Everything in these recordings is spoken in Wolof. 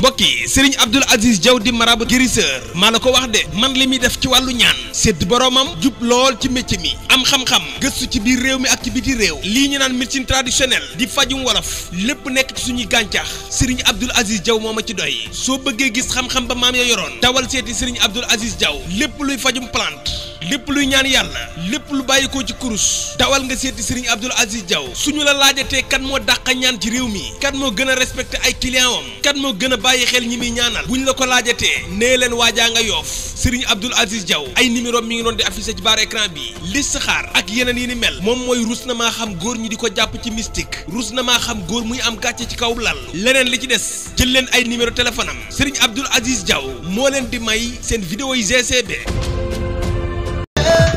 mbokk yi Serigne Abdoul Aziz Diaw di marabu guérisseur maa la ko wax de man li muy def ci wàllu ñaan sédd boroomam jub lool ci métier mi am xam-xam gëstu ci biir réew mi ak ci biti réew lii ñu naan médecine traditionnelle di fajum wolof lépp nekk ci suñuy gàncax Serigne Abdoul Aziz jaw moo ma ci doy soo bëggee gis xam-xam ba maam ya yoroon tawal seeti Serigne Abdoul Aziz Diaw lépp luy fajum plante lépp luy ñaan yàlla lépp lu bàyyi ci kurus dawal nga seeti sëriñ Abdoul Aziz su ñu la laajatee kan moo dàqa ñaan ci réew mi kan moo gën a respecté ay client am kan moo gën bàyyi xel ñi muy ñaanal ñu la ko laajatee nee leen waajaa nga yoof sëriñ Abdoul Aziz jaw ay numéro mi ngi doon di affiché ci barre écran bi liste xaar ak yeneen yi ni mel moom mooy rus na maa xam góor ñi di ko jàpp ci mystique rus na maa xam góor muy am gàcce ci kaw lal leneen li ci des jël leen ay numéro téléphone am sëriñ Abdoul Aziz Diaw moo leen di may seen vidéo yi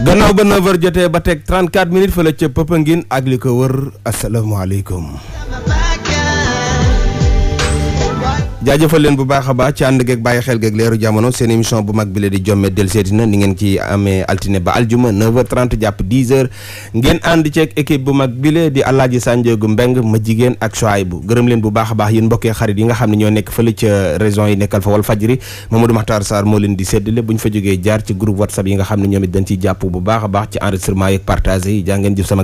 gannaaw ba 9 jotee ba teg 34 minutes fële ca Popenguine ak li ko wër asalaamaaleykum. jaajëfal leen bu baax a baax ci ànd geeg bàyyi xel geeg leeru jamono seen émission bu mag bi la di jomme del seeti na ni ngeen ci amee altine ba aljuma 9h30 jàpp 10 ngeen ànd ceeg équipe bu mag bi la di Alaaji Sanjoogu Mbeng ma jigéen ak soaay bu gërëm leen bu baax a baax yéen mbokkee xarit yi nga xam ne ñoo nekk fële ca région yi nekkal fa wal fajri Mamadou Makhtar Sarr moo leen di séddale bu ñu fa jógee jaar ci groupe whatsapp yi nga xam ne ñoom a baax ci enregistrement yeeg partagé yi jàngeen jëf sama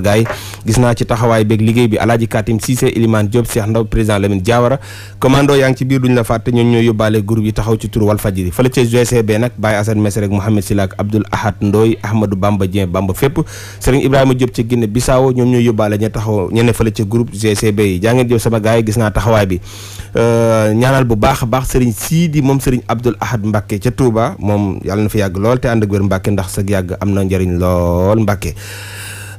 gars na la fàtte ñoom ñooy yóbbaale groupe yi taxaw ci turu Walfadjri fële ca GCB nag Baye Assane Messe rek Mouhamed Silak Abdoul Ahad Ndoy Ahmadou Bamba Dieng Bamba fépp Serigne Ibrahima Diop ci Guinée Bissau ñoom ñoo yóbbaale ña taxaw ñene fële ca groupe GCB yi jaa ngeen jëf sama gars gis naa taxawaay bi euh, ñaanal bu baax a baax Serigne Sidi moom Serigne Abdoul Ahad Mbacke ca Touba moom yàlla na fi yàgg lool te ànd ak wér Mbacke ndax sa yàgg am na njariñ lool Mbacke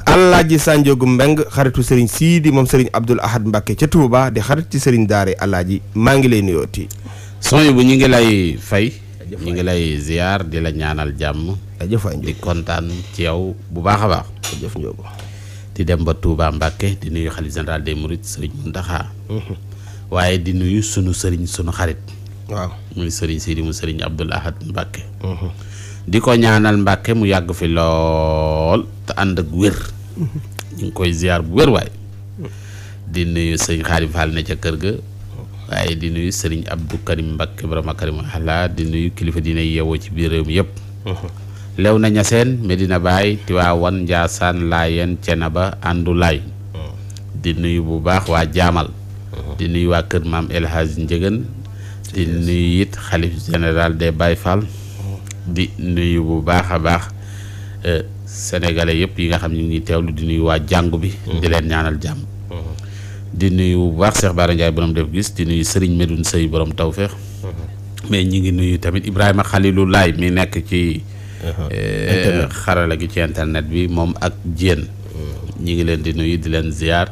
Alaaji Sanjogu Mbeng xaritu Serigne Sidi moom Serigne Abdoul Ahad Mbacke ca Touba di xarit ci Serigne Daare Alaaji maa ngi lay nuyooti. sooy bu ñu ngi lay fay. ñu ngi lay ziar di la ñaanal jàmm. di kontaan ci yow bu baax a baax. jëf Ndiobo. di dem ba Touba Mbacke di nuyu xalifa général des Mourides Serigne Mountakha. Mhm. waaye di nuyu sunu Serigne sunu xarit. waaw muy Serigne Sidi mu Serigne Abdoul Ahad Mbacke. Mhm. di ko ñaanal mbàkke mu yàgg fi lool te ànd ak wér koy ziar bu wér di nuyu sëñ Xaadim ca kër ga waaye di nuyu sëriñ Abdou Karim Mbàkke Ibrahima Karim ala di nuyu kilifa dina yeewoo ci biir réew mi yëpp lew na ñaseen Medina Baay Tiwaawan Njaasaan Laayeen Cenaba àndu laay di nuyu bu baax waa jaamal di nuyu waa kër maam El Hadj di nuyu it xalif général des Baye Fall di nuyu bu baax a baax euh, sénégalais yëpp yi nga xam ne ñu ngi teewlu di nuyu waa jàngu bi. Mm-hmm. di leen ñaanal jàmm. Mm-hmm. di nuyu bu baax Cheikh Bara Ndiaye borom def gis di nuyu Serigne Medoune sëy borom tawféex. Mm-hmm. mais ñi ngi nuyu tamit Ibrahima Khalilou Laay mi nekk ci. Uh-huh. Euh, xarala gi ci internet bi moom ak Dieng. ñi ngi leen di nuyu di leen ziar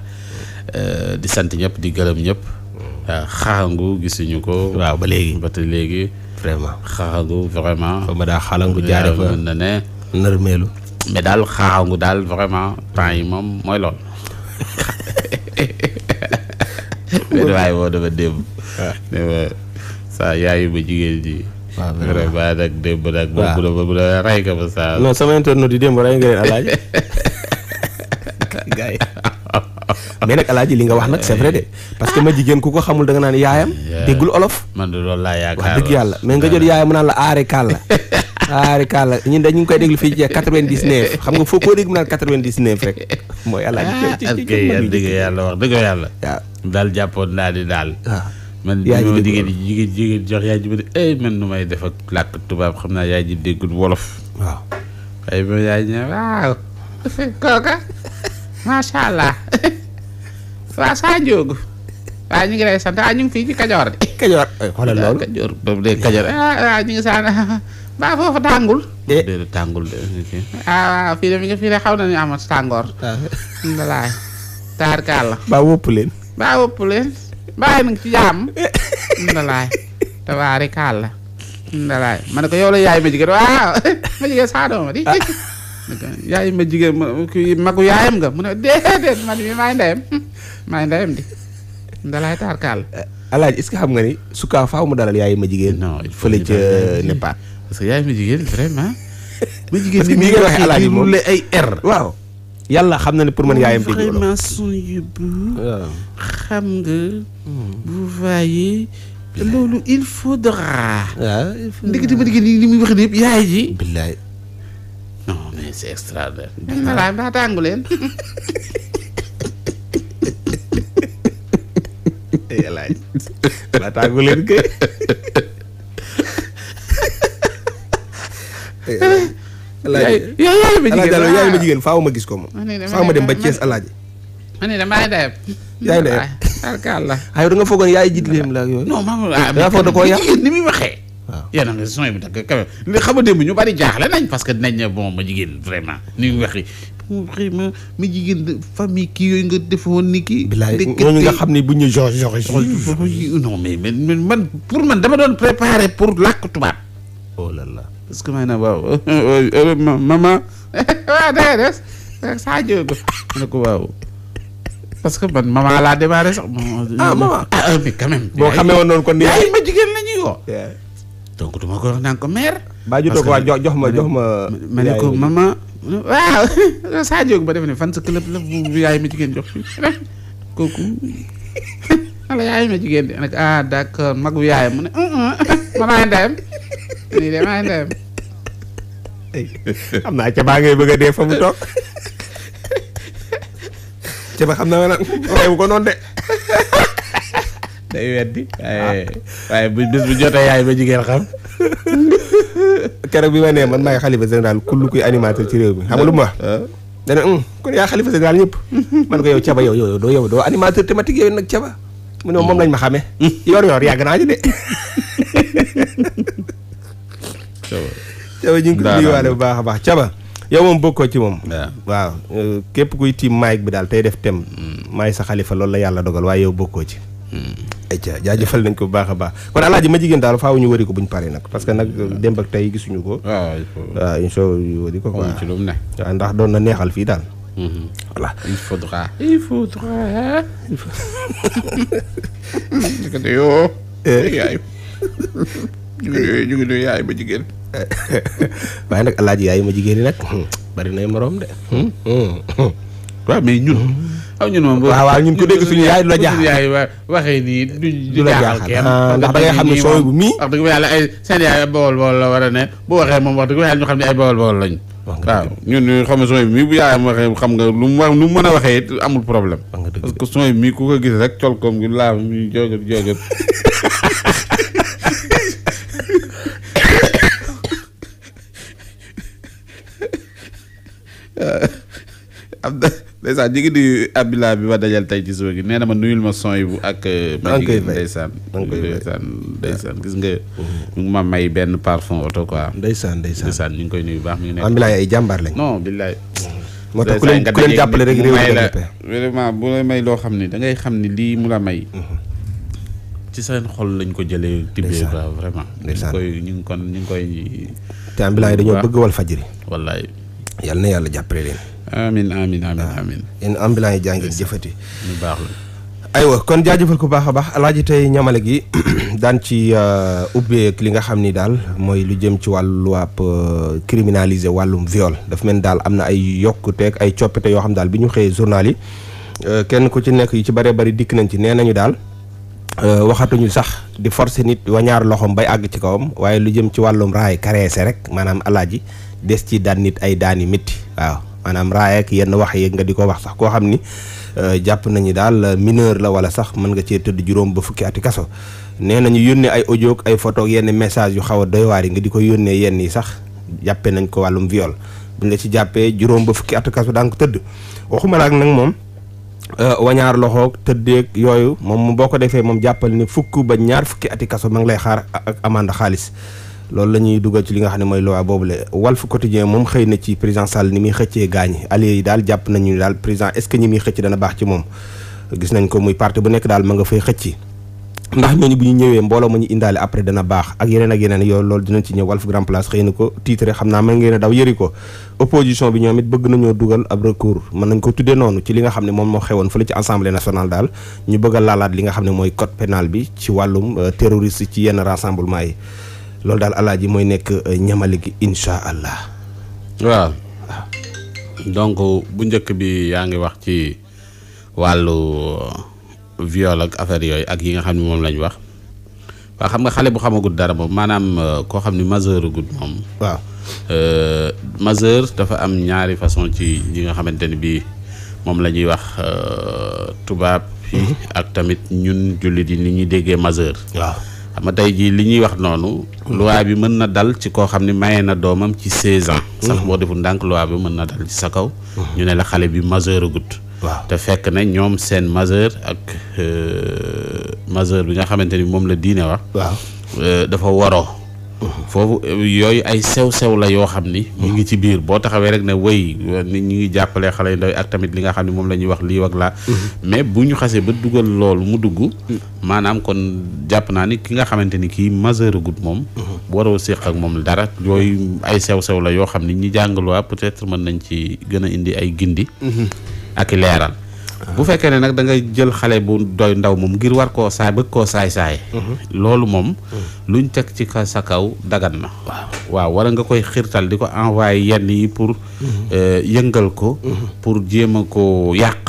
euh, di sant ñëpp di gërëm ñëpp. waaw xaangu gisuñu ko. waaw ba ba léegi. vraiment xaaxagu vraiment xaw ma daa xalangu jaare fa mën na ne nërmeelu mais daal xaaxagu daal vraiment temps yi moom mooy lool benn waaye boo dama démb ah. ne ma saa yaayu ba jigéen ji waaw ah, vraiment nag démb nag moom ah. bu la bu la rey nga ba saa non sama internet yi démb rey nga leen alaaj gars yi mais nag alaaji li nga wax nag c'est vrai de parce que ma jigéen ku ko xamul da nga naan yaayam déggul olof man de loolu laa yaakaar wax dëgg yàlla mais nga jot yaayam mu naan la aare kàlla aare kàlla ñun dañu ngi koy déglu fii ci nga foo yàlla wax dëgg yàlla daal jàppoon naa di daal man yaa ji jigéen jigéen jigéen jox yaa ji ma ne ay man nu may def làkk tubaab xam naa yaa ji déggul wolof waaw kooka macha allah waa saa njóogu waaw ñu ngi ñu ngi fii ci Kajoor de. Kajoor xoolal loolu Kajoor boobu de Kajoor ah, ah foofu tàngul. Eh. déedéet de ah mi ngi fii de xaw nañu amat tàngoor. Ah. walaay taar kàlla. mbaa wópp leen. mbaa wópp leen mbaa yéen a ngi ci eh. la ma jigéen waaw ma jigéen saa dooma di. Ah. yaay ma jigéen magu yaayam nga mu ne déedéet man mii maay ndeyam. maay ndeyam di ndalaay taar kaal. Eh, Alaaji est-ce que xam nga ni su kaa faaw mu dalal yaay ma jigéen. non il faut fële ca Népal. parce que yaay ma jigéen vraiment. ma jigéen ni mi ngi waxee Alaaji moom ay R. waaw yàlla xam na ne pour man yaayam. dégg vraiment son xam nga. Hmm. vous loolu il faudra. waaw li muy wax nii yaay ji. billaay. non mais c'est extraordinaire. dina laaj mbaa tàngu leen. laaj la tàggu leen kay alaaji yaay ma jigéen yaay ma ah. jigéen faaw ma gis ko moom. faaw ma dem ba Thiès alaaji. ma ne damay dayab. yaay dayab alhamdulilah. aywa da nga foogoon yaay jiitleem la ak yooyu. non maa ngi daa foog da koo yàq ni muy waxee. waaw yéen a ngi son bi nag quand même li xam nga démb ñu bari jaaxle nañ parce que dinañ ne bon ma jigéen vraiment ni muy waxee vraiment mi jigéen famille kii yooyu nga defe woon ni kii. bilaay ñooñu nga xam ne bu ñu jox jox non mais doon préparer pour làkk oh parce que maanaam ne ko waaw. parce que man maman laa démarré sax. ah maman ah, ah, boo xamee woon kon nii ma jigéen la ñuy woo. donc du ma ko wax naan ko mère. parce que jox ma jox ma. ma ne waaw Sadio ba def ne fan sa club la bu yaay ma jigéen jox fii kooku wala yaay ma jigéen di ah, magu yaay mu ne mm, mm. ma maay ndeyam nii de maay ndeyam xam naa ca baa ngay bëgg a dee fa mu toog ca ba xam naa nag waxee bu ko noonu de day weddi. waaye waaye bu bis bu yaay ba jigéen xam. keroog bi ma nee man maay xalifa général kullu kuy animateur ci réew mi xam lu ma wax. Ah. dana hmm, kon yaa xalifa général ñëpp. man ko yow caba yow yow doo yow doo animateur thématique yooyu nag caba. mu ne moom lañ ma xamee. yor-yor yàgg naa ci de. caba caba ñu ngi ko nuyuwaale bu baax a baax caba. yow moom bokkoo ci moom. waaw euh, képp kuy tiim maay bi daal tey def tem. Mm. maay sa xalifa loolu la yàlla dogal waaye yow bokkoo ci. Mm. ayca jaajëfal nañ ko bu baax a baax kon alaaji ma jigéen daal faaw ñu wari ko buñ paree nag parce que nag démb ak tey gisuñu ko waaw waaw incha allah wari ko quoi ci lu mu ne ah, ndax doon na neexal fii daal mhm. voilà il faudra il faudra yo eh. yaay ñu ngi nuyu yaay ma jigéen waaye nag alaaji yaay ma jigéen yi nag hmm, bari nay moroom hmm, hmm, aw ñun waaw ñun ko dégg la jaaxal yaay waxee nii du ah, ndax da xam ne sooy bu ay seen yaay ne bu waxee moom wax dëgg yàlla ne ay bool bool ñun ñu xam sooy mii bu yaayam waxee xam nga lu mu mën a waxee it amul problème parce que sooy mii ku ko gis rek col koom gi laaf mi joogot joogot ndeysaan ñu ngi nuyu bi ma dajal tey ci suba gi nee na ma nuyul ma son yi bu ak. Euh, ma jigéen ndeysaan ndeysaan gis nga. Mm-hmm. ma may benn parfum oto quoi. ndeysaan ndeysaan ndeysaan ñu ngi koy nuyu bu baax mi ngi nekk. Abdillah ay jàmbaar lañ. non billaay. Mm-hmm. moo tax ku leen ku leen jàppale rek réew mi la vraiment bu lay may loo xam ne da ngay xam ne lii mu la may. Mm-hmm. ci seen xol lañ ko jëlee. tibbee ba vraiment. ndeysaan ñu ngi koy ñu ngi kon ñu ngi koy. te Abdillah dañoo bëgg wal fajiri. wallaay. yàlla na yàlla jàppale leen amiin amiin amiin ah. amiin yéen ambulants yi jaa ngeen jëfati lu baax la aywa kon jaajëfal ko baax a baax alaaji tey ñamale gi daan ci uh, ubbeek li nga xam ni daal mooy lu jëm ci wàllu waap uh, criminalisé wàllum viol daf mel ni daal am na ay yokkuteek ay coppite yoo xam daal bi ñu xëyee journal yi uh, kenn ku ci nekk yu ci bare bëri dikk nañ ci nee nañu daal waxatuñu sax di forcer nit wañaar loxoom bay àgg ci kawam waaye lu jëm ci wàllum raay kareese rek maanaam alaaji des ci daan nit ay daani métti waaw maanaam raaya ak yenn wax yeeg nga di ko wax sax koo xam ni euh, jàpp nañu daal mineur la wala sax mën nga cee tëdd juróom ba fukki ati kaso nee ñu yónnee ay audio ay photo yenn message yu xaw a doy waar yi nga di ko yónnee yenn yi sax jàppee nañ ko wàllum viol buñ la ci jàppee juróom ba fukki ati kaso daan ko tëdd waxuma ak nag moom euh, wañaar loxoog tëddeeg yooyu moom boo ko defee moom jàppal ni fukk ba ñaar fukki ati kaso ma ngi lay xaar ak amande xaalis loolu la ñuy dugal ci li nga xam ne mooy loi boobule Walf Quotidien moom na ci président Sall ni muy xëccee gaañi alliés yi daal jàpp nañu daal président est-ce que ñi muy xëcc dana baax parti bu nekk daal ma nga fay xëcc ndax ñu ñëwee mbooloo ñu indaale après dana baax ak yeneen ak yeneen yoo loolu dinañ ci ñëw Walf Grand na ko titre xam naa mën bi ñoom it bëgg nañoo dugal ab recours nañ ko tuddee noonu ci li xam ne moom moo xewoon fële ci assemblée nationale daal ñu bëgg a laalaat li nga xam ne mooy code pénal bi ci wàllum euh, terroriste ci yenn rassemblement yi loolu daal ji mooy nekk euh, ñamale gi incha allah. waaw ah. donc bu njëkk bi yaa ngi wax ci wàllu euh, viol ak affaire yooyu ak yi nga xam ne moom lañuy wax waaw xam nga xale bu xamagul dara moom maanaam euh, koo xam ne majeur gud moom. waaw majeur dafa am ñaari façon ci ñi nga xamante ni bii moom la ñuy wax tubaab. Mm-hmm. ak tamit ñun jullit yi ni ñuy déggee maseur waaw. xam nga tey jii li ñuy wax noonu. Mm. loi bi mën na dal ci koo xam ne maye na doomam ci 16 ans. Mm. sax boo deful ndànk loi bi mën na dal ci sa kaw. Mm. ñu ne la xale bi majeur agut. waaw te fekk na ñoom seen majeur ak euh, majeur bi nga xamante ni moom la diine wax. waaw euh, dafa waroo. foofu yooyu ay sew-sew la yoo xam ni ñu ngi ci biir boo taxawee rek ne way nit ñi ngi jàppalee xale yi ndaw ak tamit li nga xam ne moom la ñuy wax lii wak laa mm-hmm. mais bu ñu xasee ba dugal loolu mu dugg mm-hmm. maanaam kon jàpp naa ni ki nga xamante ni kii majeur gut moom mm-hmm. waroo séq ak moom dara yooyu ay sew-sew la yoo xam ni ñi jàngaloo peut-être mën nañ ci gën a indi ay gindi ak i leeral bu fekkee ne nag dangay jël xale bu doy ndaw moom ngir war koo saay bëgg koo saay-saay mhm. loolu moom mhm. luñ teg ci sa kaw dagan na waaw wala nga koy xirtal di ko envoyé yenn yi pour mhm. euh, yëngal ko pour jéem a ko yàq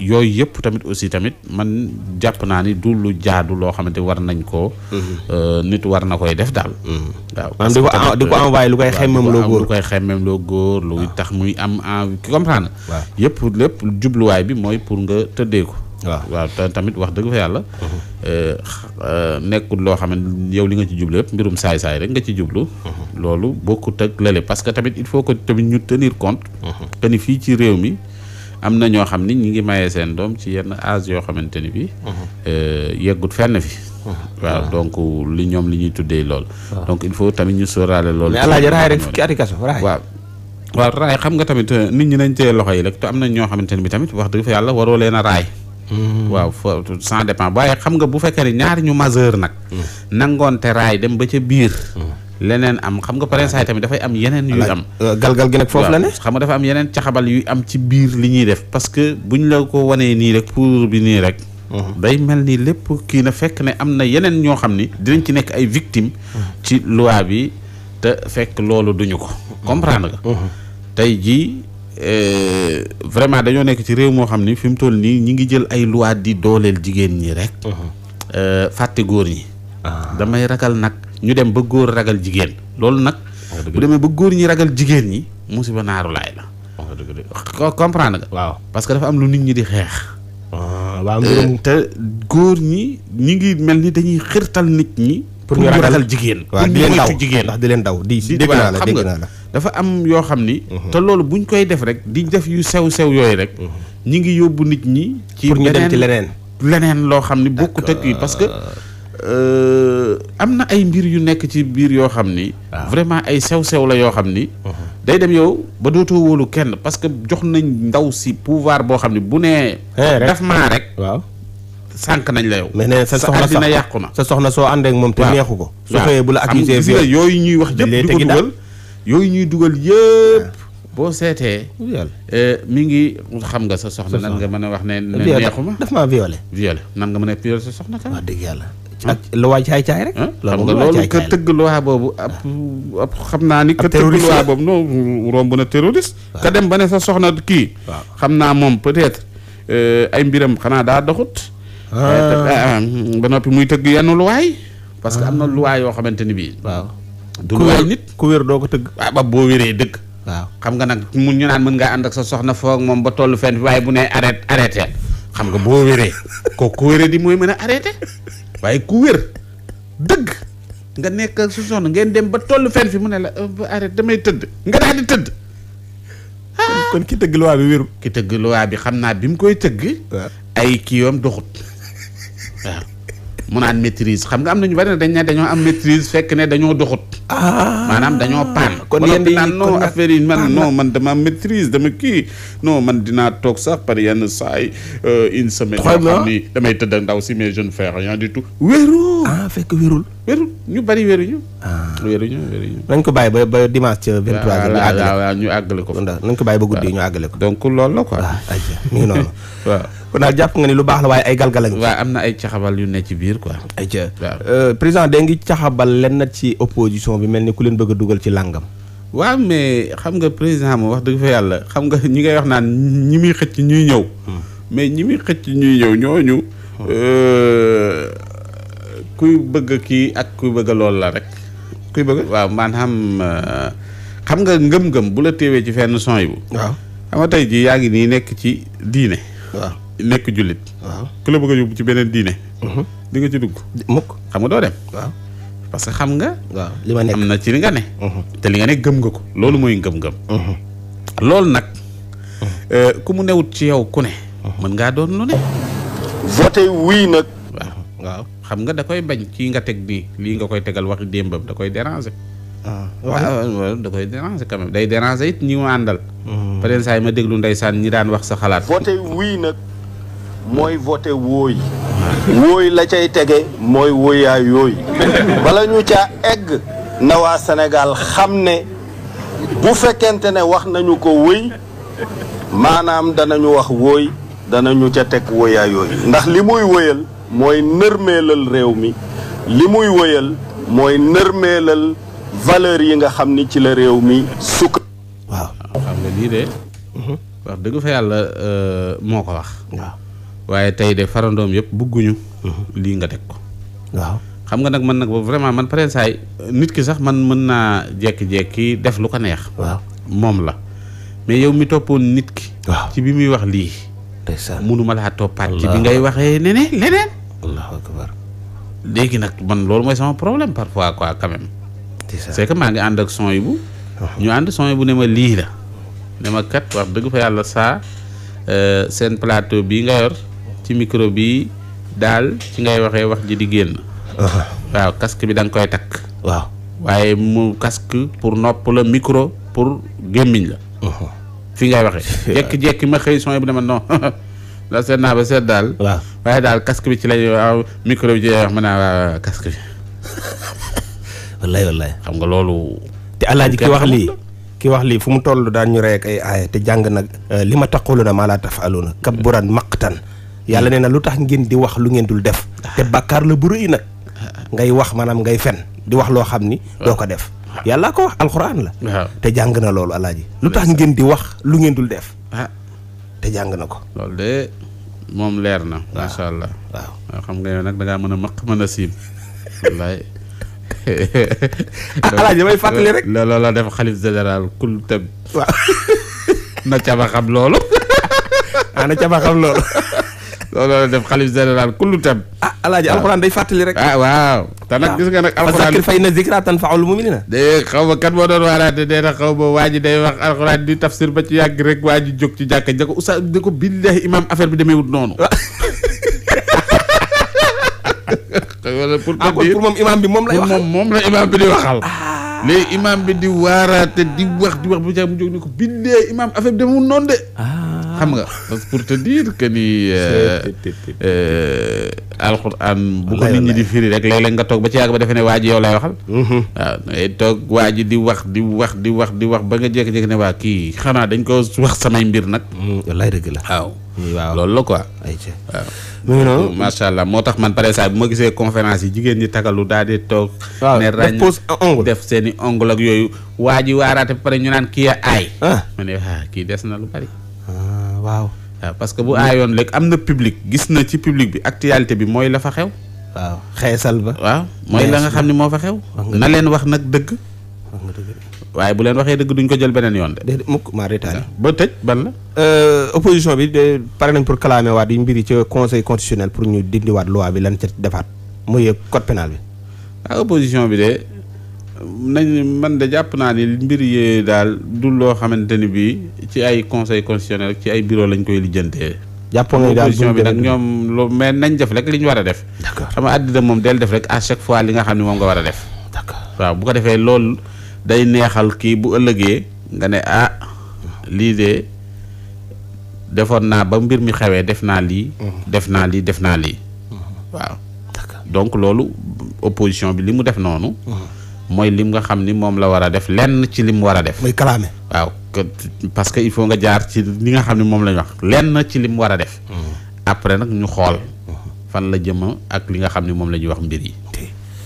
yooyu yëpp tamit aussi tamit man jàpp naa ni du lu jaadu loo xamante war nañ ko euh, nit war na koy def daal waaw di ko envoyé lu koy xemmem loo góor lu tax muy am en comprendre lépp jubluwaay bi mooy pour nga tëddee ko. waaw tamit wax dëgg fa yàlla. Mhm. Euh, euh, nekkul loo xam yow li nga ci jublu yëpp mbirum saay-saay rek nga ci jublu. Mhm. loolu bokkut ak lële parce que tamit il faut que tamit ñu tenir compte. Mhm. que fii ci réew mi am na ñoo xam ni ñu ngi maye seen doom ci yenn âge yoo xamante ni bii. Euh, yeggut fenn fi. waaw donc li ñoom li ñuy tuddee lool. donc il faut tamit ñu sóoraale loolu. mais El Hadj Raay rek fukki ati kaso Raay waaw raay xam nga tamit euh, nit ñi nañ téye loxo yi rek te am nañ ñoo xamante ne bi tamit wax dëgg fa yàlla waroo leen hmm. waaw fo sans dépend waaye xam nga bu fekkee ne ñaari ñu majeur nag hmm. nangoonte raay dem ba ca biir hmm. leneen am xam nga parensaay tamit dafay am yeneen yuy am euh, galgal gi nag foofu la xam nga dafa am yeneen caxabal yuy am ci biir li ñuy def parce que buñ la ko wanee nii rek pour bi nii rek day mel ni lépp kii na fekk ne am na yeneen ñoo xam ni dinañ ci nekk ay victime ci loi bi te fekk loolu duñu ko comprendre nga tey ji euh, vraiment dañoo nekk ci réew moo xam ni fi mu toll nii ñi ngi jël ay loi di dooleel jigéen ñi rek euh, fàtte góor ñi ah. damay ragal nag ñu dem ba góor ragal jigéen loolu nag bu demee ba góor ñi ragal jigéen ñi musiba naaru la comprendre nga waaw parce que dafa am lu nit ñi di xeex ah, waaw euh, te góor ñi ñi ngi mel ni dañuy xirtal nit ñi pour ñu ragal jigéen waaw di leen daw di leen daw di dégg naa dafa am yoo xam ni mhm. te loolu buñ koy def rek di def yu sew-sew yooyu rek mhm. ñi ngi yóbbu nit ñi ci pour ci leneen leneen loo xam ni bokkut ak yi parce que euh, am na ay mbir yu nekk ci biir yoo xam ni vraiment ay sew-sew la yoo xam ni mhm. day dem yow ba dootoo wóolu kenn parce que jox nañ ndaw si pouvoir boo xam ni bu nee daf maa rek sànq nañ la yow. mais nee sa soxna yàqu na sa soxna soo àndee ak moom te neexu ko. su xëyee bu la accusé viol yooyu ñuy wax yëpp di ko dugal yooyu ñuy dugal yëpp. Ah. boo seetee. Euh, mi ngi xam nga sa soxna. nan nga mën a wax ne neexu ma daf maa violé. violé mën a sa soxna kan. yàlla. Ah. ak luwaa caay caay rek. Ah. xam loolu que tëgg luwaa boobu ab xam naa ni. que tëgg luwaa boobu noonu romb na terroriste. ka dem ba ne sa soxna kii. xam naa moom peut-être euh, ay mbiram xanaa daa doxut. Ah. Euh, ba noppi muy tëgg yenn luwaay parce que am na luwaay yoo xamante ni bii waaw du luwaay nit ku wér doo ko tëgg waaw ba boo wéree dëgg waaw xam nga nag mu ñu naan ànd ak sa soxna foog moom ba tollu fenn waaye bu nee arrêté arrêté xam nga boo wéree kooku ku wéree mooy mën a arrêté waaye ku wér dëgg nga nekk ak su soxna ngeen dem ba tollu fenn fi mu ne la euh, ba arrêté damay tëdd nga daal di tëdd ah. kon ki tëgg luwaa bi wéru ki tëgg luwaa bi xam naa bi mu koy tëgg ay kii yoom doxut waaw mu naan maitrise xam nga am nañu bari na dañ ne dañoo am maîtrise fekk ne dañoo doxut ah. maanaam dañoo paan kon yéen di naan non affaire yi man non man dama maîtrise dama kii non man dinaa toog sax par yenn saay euh, une semaine yoo xam ni damay tëdd ndaw si mais je ne fais rien du tout wéerul ah, fekk wéerul wéru ñu bari wéruñu. Ah. wéruñu wéruñu. nañ ko bàyyi ba ba dimanche ca 23. waaw ñu àggale ko nañ ko bàyyi ba guddi ñu àggale ko. donc loolu la ko ah, waaw ayca mi jàpp nga ni lu baax la waaye ay galgal waaw am na ay caxabal yu ne ci biir quoi. ayca waaw euh, président da ngi caxabal lenn ci opposition bi mel ni ku leen bëgg a dugal ci làngam. waaw mais xam nga président moom wax dëgg fa yàlla xam nga ñi ngay wax naan ñi muy xëcc ñuy ñëw. Hmm. mais ñi muy xëcc ñuy ñëw ñooñu. Hmm. Euh, kuy bëgg ki ak kuy bëgg loolu la rek. kuy bëgg waaw maanaam euh, xam nga ngëm-ngëm bu la téewee ci fenn son yi bu waaw xam nga tey jii yaa ngi nii nekk ci diine. waaw nekk jullit. waaw ku la bëgg a yóbbu ci beneen diine. Mhm. di nga xam nga doo dem. waaw li ci li nga ne. Mhm. te nga ko loolu mooy ngëm-ngëm. Mhm. loolu nag. Euh, ku mu newut ci yow ku ne. mën ngaa doon lu ne. voté wuy nag. waaw. xam nga da koy bañ kii nga teg nii lii nga koy tegal waxi démbam da koy déranger. Ah, ah, waaw koy déranger quand day déranger it ñi mu àndal. Hmm. peut saa yi ma déglu saan ñi daan wax sa xalaat. voté wii nag mooy voté wooy. wooy la cay tege mooy wóoyaay yooyu. bala ñu ca egg. na waa senegal xam ne bu fekkente ne wax nañu ko wëy maanaam danañu wax dana ñu ca teg wóoyaay yooyu ndax li muy wóyal. mooy nërmeelal réew mi li muy wëyal mooy nërmeelal valeur yi nga xam ni ci la réew mi sukk waaw xam nga lii de mhm. wax dëgg fa yàlla euh, moo ko wax waaye tey de farandoom yëpp bugguñu mhm. lii nga teg ko waaw xam nga nag man nag boobu vraiment man pare saay nit ki sax man mën naa jekki-jekki def lu ko neex waaw moom la mais yow mi toppoon nit ki waaw ci bi muy wax lii mënuma laa toppaat ci bi ngay waxee neneen allahu akbar léegi nag man loolu mooy sama problème parfois quoi quand même. c'est que maa ngi ànd ak son yi bu. ñu ànd son yi bu ne ma lii la. ne ma kat wax dëgg fa yàlla saa euh, seen plateau bi nga yor ci micro bi daal ci ngay waxee wax ji di génn. Uh-huh. waaw casque bi danga koy takk. waaw waaye mu casque pour nopp la micro pour gémmiñ la. Uh-huh. fi ngay waxee. jekki jekki ma xëy son yi bu ne ma la seet naa ba seet daal. waaw waaye daal casque bi ci lañ waaw micro bi ci wax ma ne waaw wallaay wallaay xam nga loolu. te alaaji ki wax lii ki wax lii fu mu toll daan ñu rey ak ay aaya te jàng euh, na li ma taquluna maa laa tafaluna kabburan maqtan yàlla nee na lu tax ngeen di wax lu ngeen dul def. te bàkkaar la bu rëy nag. ngay wax manam ngay fen di wax loo xam ni. Ah. doo ko def. yàlla ko wax alxuraan la. Ah. te jàng na loolu alaaji lu tax ngeen di wax te jàng na ko. loolu de moom leer na. waaw macha allah waaw. xam nga yow nag da mën a maq mën a siim. wallaay. ah alaaji damay fàttali loolu la def xalif général kul tëb. waaw. na caba xam loolu. ah na caba loolu. loolu la def xalif général kullu tam. ah alaaji alxuraan day fàttali rek. ah waaw te nag ah. nga nag. alxuraan Fassakir fay na zikra tanfa'ul mu'minina. de xaw ma kat moo doon waaraate nee waa ji day wax alxuraan di tafsir ba ci yàgg rek waa ji jóg ci jàkka ja ko oustaz di ko billahi imam affaire bi demeewul noonu. Ah. wala pour ah, pour moom imam bi moom lay waxal moom la imam bi di waxal. léegi imam di waaraate di wax di wax bu ca mu jóg ni ko bindee imam affaire bi demul noonu de. xam nga pour te dire que ni. Euh, euh, alxuraan bu ko nit ñi di firi rek léeg-léeg nga toog ba ci yàgg ba defe ne waa ji yow lay mm-hmm. toog waa ji di wax di wax di wax di wax ba nga jékki-jékki waa kii xanaa dañ ko wax samay mbir nag. Mm, wallaay dëgg la la quoi. ayca waaw. macha allah moo tax man pare saa gisee conférence yi jigéen ñi tagalu daal di toog. waaw def pose def seen i ongle yooyu. waa ji waaraate ba pare ñu naan kii ay. ah, ah kii des na lu bari. waaw parce que bu yoon léegi am na publique gis na ci publique bi actualité bi mooy la fa xew. waaw xeesal ba. waaw mooy la nga xam ne moo fa xew. na leen wax nag dëkk waaye bu leen waxee dëgg duñ ko jël beneen yoon de. déedéet mukk maa retaali ba tëj ban la. Euh, opposition bi de pare nañ pour clamer waat yi mbir yi ci conseil constitutionnel pour ñu dindiwaat loi bi lan ca defaat muy code pénal bi. waaw ah, opposition bi de. nañ man de jàpp naa ni mbir yooyu daal du loo xamante ni bii ci ay conseil constitutionnel ci ay bureau lañ koy lijjantee. jàppoon nañ bi nag ñoom loo mais nañ def rek li ñu war a def. d'accord xam a àddina moom del def rek à chaque fois li nga xam ne moom nga war a def. d'accord waaw bu ko defee loolu day neexal kii bu ëllëgee nga ne ah lii de defoon naa ba mbir mi xewee def naa lii. Mhm. def naa lii def naa lii mhm. waaw. donc loolu opposition bi li mu def noonu. Mhm. mooy lim nga xam ni moom la war a def lenn ci lim war a def. muy kalaame. waaw parce que il faut nga jaar ci li nga xam ne moom la wax lenn ci lim war a def. Mm-hmm. après nag ñu xool. Mm-hmm. fan la jëma ak li nga xam ne moom la ñuy wax mbir yi.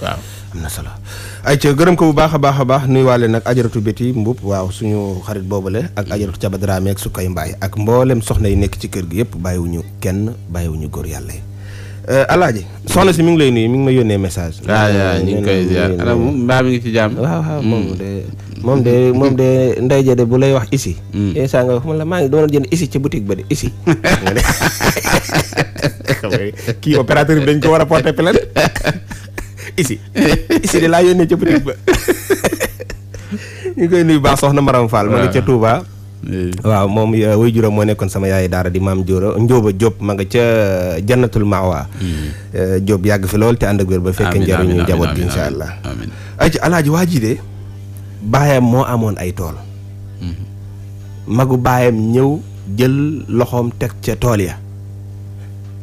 waaw am na solo. ay ca gërëm ko bu baax a baax a baax nuyuwaale nag ajaratu béti mbub waaw suñu xarit boobale ak mm-hmm. ajaratu cabadraame su sukkay mbaay ak mboolem soxna yi nekk ci kër gi yëpp bàyyiwuñu kenn bàyyiwuñu góor yàlla yi Euh, Alaaji soxna si mi ngi lay nii mi ngi ma yónnee message. waaw ah, ah, waaw ñu ngi ci jàmm. waaw waaw moom mm. de moom de moom de bu lay wax ici. yooyu nga wax man maa ngi doon jënd ici ci boutique ba de ici. bi dañ ko war a porter plainte ici ici de laa yónnee ca boutique ba. ñu ngi koy baax soxna Maram Fall. ma ca Touba. Eh. waaw moom eh, way moo nekkoon sama yaay daara di maam Dioro Ndioba Diop ma nga ca jannatul Mawa. Hmm. Eh, Diop yàgg fi lool te ànd ak wér ba fekkee njariñu njaboot gi incha allah. ay ci alaaji waa de baayam moo amoon ay tool. Hmm. magu baayam ñëw jël loxoom teg ca tool ya.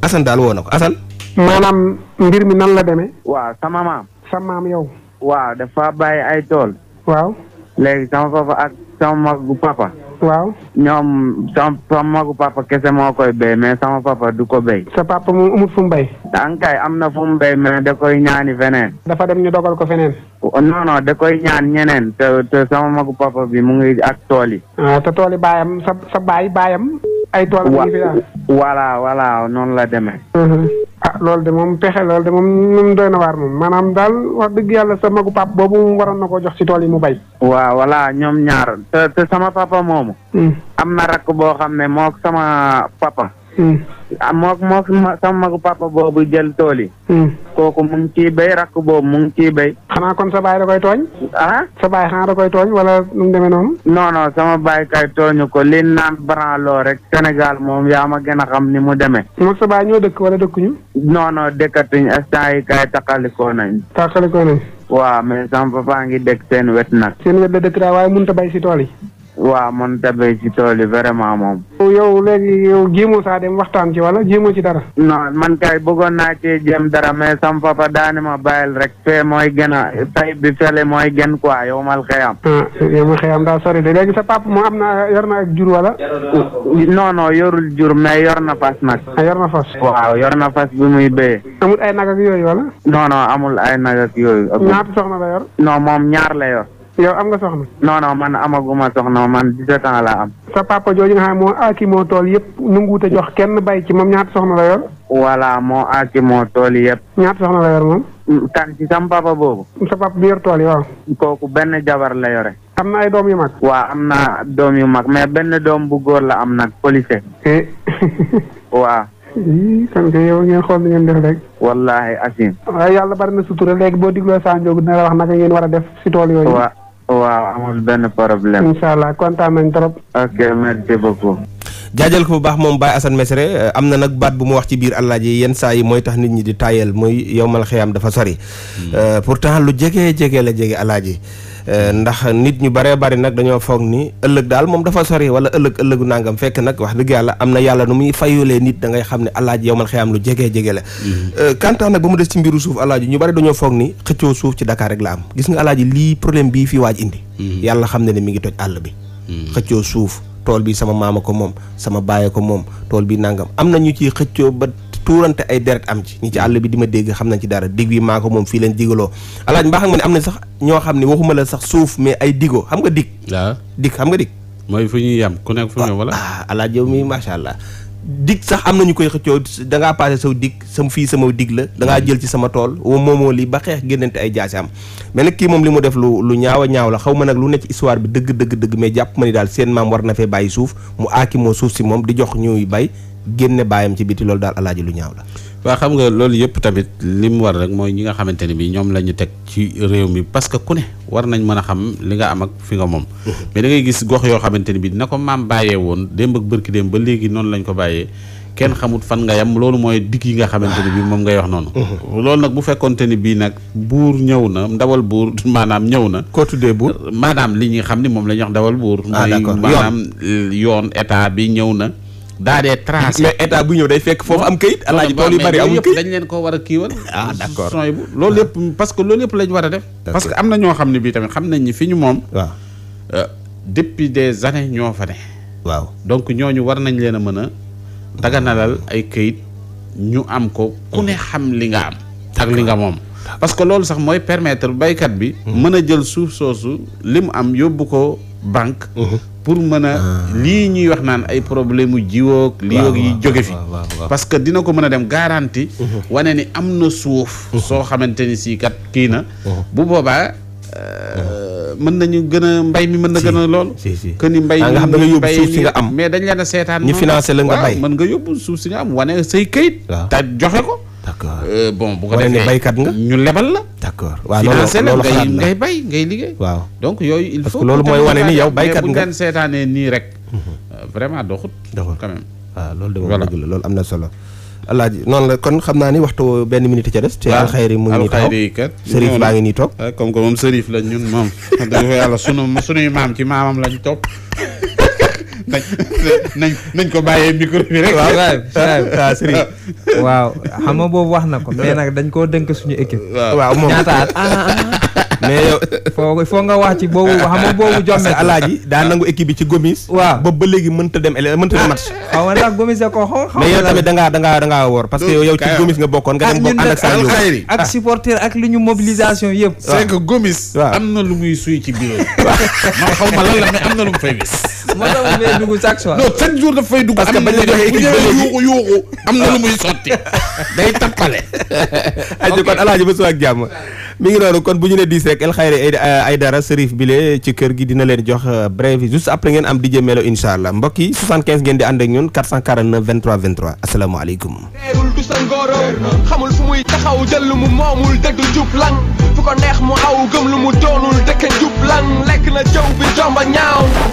Assane daal woo na ko Assane. maanaam mbir mi nan la demee. waaw sama maam. sama maam yow. waaw dafa bàyyi ay tool. waaw. léegi sama papa ak sama mag papa. waaw ñoom sama sama magu papa kese moo koy béy mais sama papa du ko béy. sa papa mu amut fu mu béy. daanakaay am na fu mu béy mais da koy ñaani feneen. dafa dem ñu dogal ko feneen. non non da koy ñaan ñeneen te te sama magu papa bi mu ngi ak tool yi. ah te tool yi baayam sa sa baay baayam ay tool. wala wala voilà noonu la demee. Mhm. ah loolu de moom pexe loolu de moom moom doy na waar moom maanaam daal wax dëgg yàlla sa magu pap boobu mu waroon na koo jox ci tool yi mu bay waaw voilà ñoom ñaar te sama papa moomu hmm. am na rakk boo xam ne mook sama papa Hmm. ah moo moo sama magu papa boobu jël tool yi. Hmm. kooku mu ngi ciy béy rakk boobu mu ngi ciy béy. xanaa kon sa baay da koy tooñ. ah sa baay xanaa da koy tooñ wala nu mu demee noonu. non non sama baay kay tooñu ko li naan branloo rek. Sénégal moom yaa ma gën a xam ni mu deme moom sa baay ñoo dëkk wala dëkkuñu. non non dëkkatuñ instant yi kay taqalikoo nañ. taqalikoo nañ. waaw mais sama papa ngi dëkk seen wet nag. seen wet la dëkk daal waaye mun ta bay si tool yi. waaw man dabe ci tool yi vraiment moom. yow léegi yow jéemoo saa dem waxtaan ci wala jéemoo ci dara. non man kay bëggoon naa cee jéem dara mais sama papa daani ma bàyyil rek fee mooy gën a tay bi fele mooy gën quoi yow mal xëyam. ah yow mal xëyam daa sori de léegi sa papa moom am na yor na ak jur wala. non non yorul jur mais yor na fas nag. ah yor na fas. yor na fas bi muy béyee. amul ay nag ak yooyu wala. non non amul ay nag ak yooyu. ñaata non moom ñaar la yor. yow am nga soxna. non non man amaguma soxna man 17 ans laa am. sa papa jooju nga xam moo aaki moo tool yëpp nanguwut a jox kenn bay ci moom ñaata soxna la yor. voilà moo aaki moo tool yëpp. ñaata soxna la yor moom. Mm, kan ci sam papa boobu. sa papa bi yor tool yi waaw. kooku benn jabar la yore. am na ay doom yu mag. waa am na doom yu mag mais benn doom bu góor la am nag policier. Eh. waaw. ii kon kay yow ngeen xool ni ngeen def rek. wallaahi asim. waaye yàlla bari sutura léegi boo digloo saa wax naka ngeen war a def si tool yooyu. waaw amul benn problème. incha allah kontaan nañ trop. ok merci beaucoup. jaajal ko bu baax moom Baye Assane Mesere euh, am na nag baat bu mu wax ci biir yi yenn saa yi mooy tax nit ñi di taayal muy yowmal xiyaam dafa sori. pour hmm. euh, pourtant lu jege jege la jege yi Euh, ndax nit ñu baree bari nag dañoo foog ni ëllëg daal moom dafa sori wala ëllëg ëllëgu nangam fekk nag wax dëgg yàlla am na yàlla nu muy fayulee nit dangay xam ne alaaji yow man xëyaam lu jegee jege la mm-hmm. euh, kantaa nag ba mu des ci suuf alaaji ñu bari dañoo foog ni xëccoo suuf ci Dakar rek la am gis nga alaaji lii problème bi fi waaj indi mm-hmm. yàlla xam ne ne mi ngi toj àll bi mm-hmm. xëccoo suuf tool bi sama maama ko moom sama bàyyi ko moom tool bi nangam am na ñu ciy xëccoo ba tuurante ay deret am ci ñi ci àll bi di ma dégg xam nañ ci dara digg bi maa ko moom fii leen digaloo alaaj mbaa xam ne am na sax ñoo xam ne waxuma la sax suuf mais ay digo xam nga dig waaw dig mooy fu ñuy yam ku ah, wala ah, alaaj yow mi macha allah dig sax am nañu koy xëccoo dangaa passé saw dig sam fii sama dig la dangaa mm. jël ci sama tool wa moomoo li ba xeex ay jaasi am mais kii moom li mu def lu lu ñaaw ñaaw la xaw ma nag lu ne ci histoire bi dëgg dëgg dëgg mais jàpp ma ni daal seen maam war na fee bàyyi suuf mu aaki moo suuf si moom di jox ñuy bay génne baayam ci biti loolu daal alaaji lu ñaaw la. waa xam nga loolu yëpp tamit li mu war rek mooy ñi nga xamante ne bi ñoom la ñu teg ci réew mi parce que ku war nañ mën a xam li nga am ak fi nga moom. mais ngay gis gox yoo xamante ne bi na ko maam bàyyee woon démb ak bërki démb ba léegi noonu lañ ko bàyyee. kenn xamut fan nga yam loolu mooy digg yi nga xamante ni bii moom ngay wax noonu. loolu nag bu fekkonte ni bii nag buur ñëw na ndawal buur maanaam ñëw na. koo tuddee buur maanaam li ñu xam ni moom la ñuy wax ndawal buur. ah d'accord maanaam yoon état bi ñëw na. daa dee tracé mais bu ñëw day fekk foofu am kayit alaaji tool yu bari amul dañ leen ko war a kiiwal ah d'accord sony loolu yëpp parce que loolu yëpp lañ war a def que am ñoo xam ne bii tamit xam nañ ni fi ñu moom waaw euh, depuis des années ñoo fa waaw donc ñooñu war nañ leen a mën a daganalal ay kayit ñu am ko ku ne xam li nga am ak li nga moom parce que loolu sax mooy permettre baykat bi mm-hmm. mën a jël suuf soosu li mu am yóbbu ko banque mm-hmm. pour mën a ah. lii ñuy wax naan ay problème mu jiwoog lii ak yi jóge fi parce que dina ko mën a dem garanti mhm. wane ni am na suuf mhm. soo xamante ni si kat kii na mhm. bu boobaa euh, mën nañu gën a mbay mi mën na gën a lool que ni mbay ah, nga xam ne nga yóbbu suuf si nga am mais dañ leen a seetaan ñu financé la nga bay mën nga yóbbu suuf si nga am wane say këyit te joxe ko d'accord euh, bon bu ko defee baykat nga ñu lebal la. d'accord waaw loolu ngay ngay bay ngay liggéey. waaw donc yooyu il loolu mooy wane ni yow baykat nga bu nii rek. Mhm. Euh, vraiment doxut. doxut quand même. loolu de moom dëgg la loolu am na solo. alaaji noonu la kon xam naa ni waxtu benn minute ca des. te alxayri mu ngi nii taxaw alxayri kat. sërif baa ngi nii toog. Eh, la ñun moom. dëgg fa yàlla sunu sunuy maam ci maamam lañ toog. nañ nañ nañ ko bàyyee micro bi rek. waaw waaw Serigne. waaw xam boobu wax na ko mais nag dañ koo dënk suñu équipe. waaw moom ñaata mais yow foo foo nga wax ci boobu xam nga boobu jomme alaaji daa nangu équipe bi ci Gomis waaw boobu ba léegi mënta dem ele mënta dem match ma ndax Gomis a ko xool que yow ci Gomis nga bokkoon nga dem bokk ànd ak sa ak ah. supporter ak li ñu mobilisation yëpp c'est que Gomis ah. am na lu muy suy ci bureau man xaw ma lan la mais am na lu mu fay wis moo la muy sotti day tappale aji kon alaaji ba su ak jàmm mi ngi noonu kon bu ñu ne diisee rek El Khayri Aidara Serif bile ci kër gi dina leen jox euh, brève juste après ngeen am DJ Melo incha allah mbokk yi 75 ngeen di ànd ak ñun 449 23 23 asalaamaaleykum. reerul du sa ngóoro xamul fu muy taxaw jël mu moomul dëgg jub lang fu ko neex mu aw gëm lu mu doonul dëkk jub lang lekk na jëw bi jomba ñaaw